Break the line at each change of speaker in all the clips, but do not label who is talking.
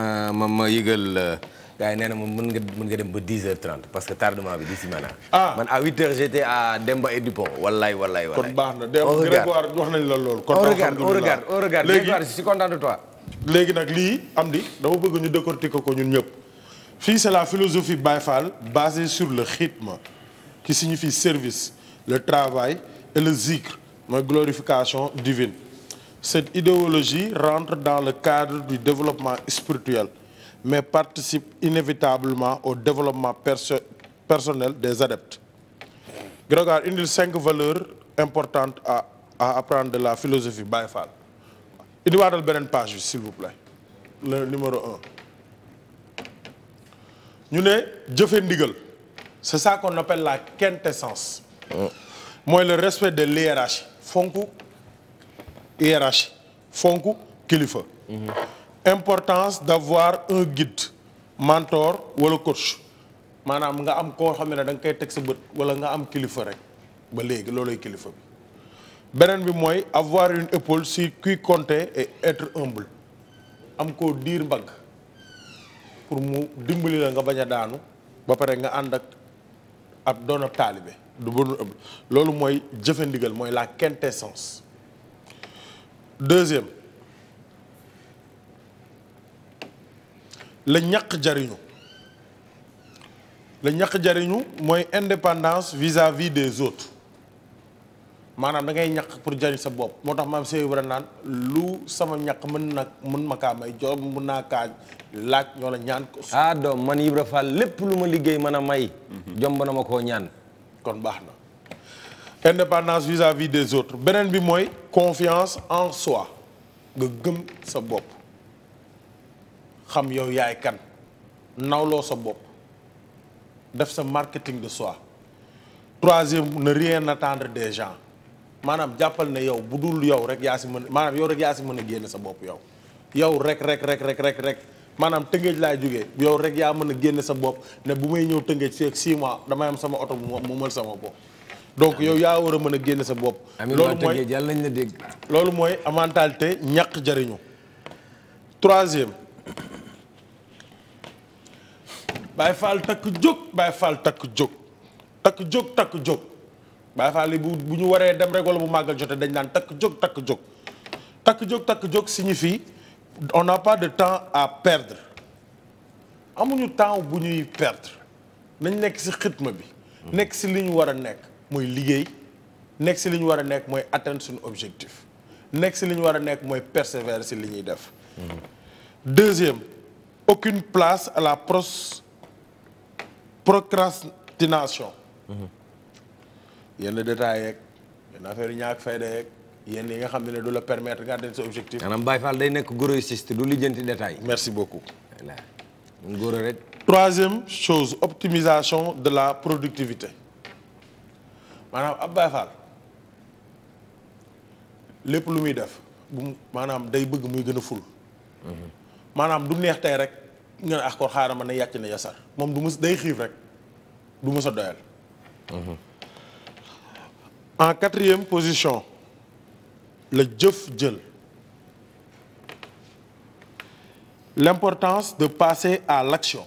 ma ma yëgal euh, gars yi nee na moom mën nga mën dem ba 10 h parce que tardement bi di si maanaam. ah man à 8h a à Demba et Dupont wallaay wallaay kon baax na Demba Grégoire wax nañ la loolu. kon on regarde on léegi nag lii am di dama bëgg ñu décortiquer ko ñun ñëpp fii c'est la philosophie Baye Fall basée sur le rythme qui signifie service le travail et le zikr mooy glorification divine. Cette idéologie rentre dans le cadre du développement spirituel, mais participe inévitablement au développement perso personnel des adeptes. Grégoire indil cinq valeurs importantes à, à apprendre de la philosophie Baye Fall. indiwaatal beneen page bi s'il vous plaît le numéro un ñu ne jëfe ndigal c'est ça qu'on appelle la quintessence ah. mooy le respect des l'hiérarchie fonk hiérarchie fonk kilifa. importance d'avoir un guide mentor wala coach maanaam nga am koo xam ne da nga koy teg sa bët wala nga am kilifa rek ba léegi looluy kilifa bi beneen bi mooy avoir une épaule si qui compter et être humble am koo diir mbagg pour mu dimbali la nga bañ a daanu ba pare nga ànd ak ab doon ab taalibe du bon loolu mooy jëfe ndigal mooy la quintessence deuxième la ñaq jariñu la ñaq jariñu mooy indépendance vis-à-vis des autres maanaam dangay ngay pour jariñ sa bopp moo tax maam Seex Ibra naan lu sama ñàkk mën na mën ma kaa may jox mën naa kaa laaj ñoo la ñaan ko ah man Ibra Fall lépp lu ma liggéey man a may mhm. jomb na ma koo ñaan kon baax na indépendance vis-à-vis des autres beneen bi mooy confiance en soi nga gëm sa bopp xam yow yaay kan nawloo sa bopp def sa marketing de soi troisième ne rien attendre des gens maanaam jàppal ne yow bu dul yow rek yaa si mën maanaam yow rek yaa si mën a génn sa bopp yow yow rek rek rek rek rek rek maanaam tëngéej laay jógee yow rek yaa mën a génn sa bopp ne bu may ñëw tëngéej fii ak mois damay am sama oto bu mu mën sama bopp donc yow yaa war a mën a génn sa bopp. loolu mooy yàlla nañ la dégg. loolu mooy mentalité ñàkk jariñu troisième Baye Fall takk jóg Baye Fall takk jóg takk jóg takk jóg Baye Fall yi bu bu ñu waree dem rek wala bu màggal jotee dañ daan takk jóg takk jóg takk jóg takk jóg fi on n'a pas de temps à perdre amuñu temps bu ñuy perdre nañ nekk ci xitma bi. nekk ci li ñu war a nekk. mooy liggéey nekk si li ñu war a nekk mooy atteindre suñu objectif nekk si li ñu war a nekk mooy persévérer si li ñuy def. Mm-hmm. deuxième aucune place à la pros procrastination. Mm-hmm. yenn détails yeeg yenn affaire yi ñaak fayda yeeg yenn yi nga xam ne du la permettre nga atteindre sa objectif. maanaam Baye Fall day nekk grossiste du lijjanti détail. merci beaucoup. troisième chose optimisation de la productivité. maanaam ab baaxal lépp lu muy def maanaam day bëgg muy gën a ful mm-hmm. maanaam du neex tey rek nga ne ah kon xaaral ma ne yàcc na yasar moom du mus day xiif rek du musa a doyal mm-hmm. en quatrième position la jëf jël l'importance de passer à l'action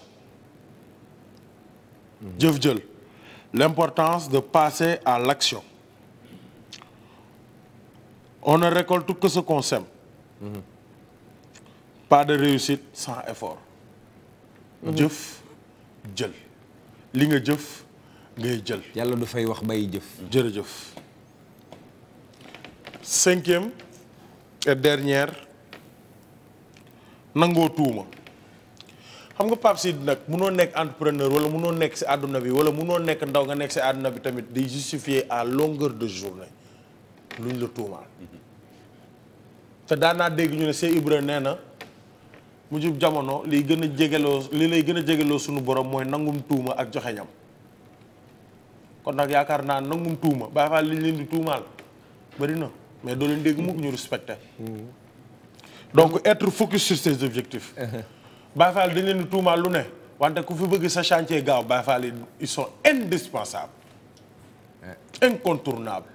mm-hmm. jëf jël l'importance de passer à l'action. On ne récolte que ce qu'on mm-hmm. Pas de réussite sans effort. Mm-hmm. jëf jël li nga jëf ngay jël. yàlla du fay wax bay jëf. jërëjëf. cinquième dernière nangoo tuuma. xam nga Pape Sidi nag munoo nekk entrepreneur wala munoo nekk si àdduna bi wala munoo nekk ndaw nga nekk si àdduna bi tamit di justifier à longueur de journée luñ la tuumaal. te daan dégg ñu ne Cheikh Ibra nee na mu jub jamono liy gën a jégaloo li lay gën a jégaloo suñu borom mooy nangum tuuma ak joxe kon nag yaakaar naa nangum tuuma bàyyi faa liñ leen di tuumaal bëri na mais doo leen dégg mukk ñu respecté. Mm-hmm. donc être focus sur ses objectifs. Baye Fall dañ leen tuumaal lu ne wante ku fi bëgg sa chantier gaaw Baye Fall yi ils sont indispensables eh. incontournables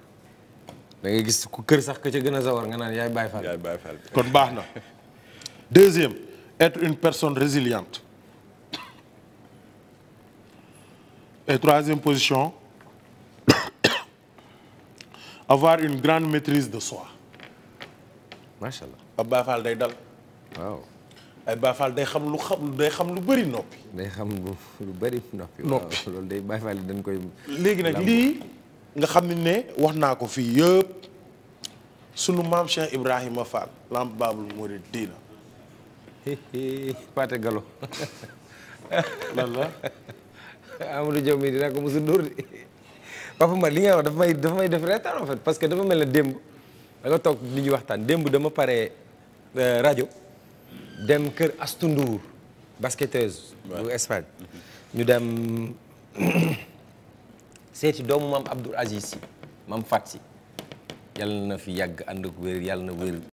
gis ku kër sax ka ca gën a sawar nga naan yaay Baye Fall yaay Baye kon baax na deuxième être une personne résiliente et troisième position avoir une grande maîtrise de soi macha allah ab Baye day dal ay Baay day xam lu xam day xam lu bari noppi. day xam lu lu bëri noppi. noppi waaw loolu day Baay Faal dañ koy. léegi nag lii nga xam ne ne wax naa ko fii yëpp sunu maam Cheikh Ibrahima Fall lamp baabul muridiina. Pate Gallo. lan la. Amadou Diop mii dina ko mos a dóor li nga wax dafa may dafa may def reetaan en fait que dafa mel na démb da toog nit ñi waxtaan démb dama pare euh, rajo. dem kër Astou Ndour basketteuse bu mhm. ñu dem seeti doomu maam Abdoul Aziz Sy maam Fat Sy yàlla na fi yàgg ànd ak wér yàlla na wér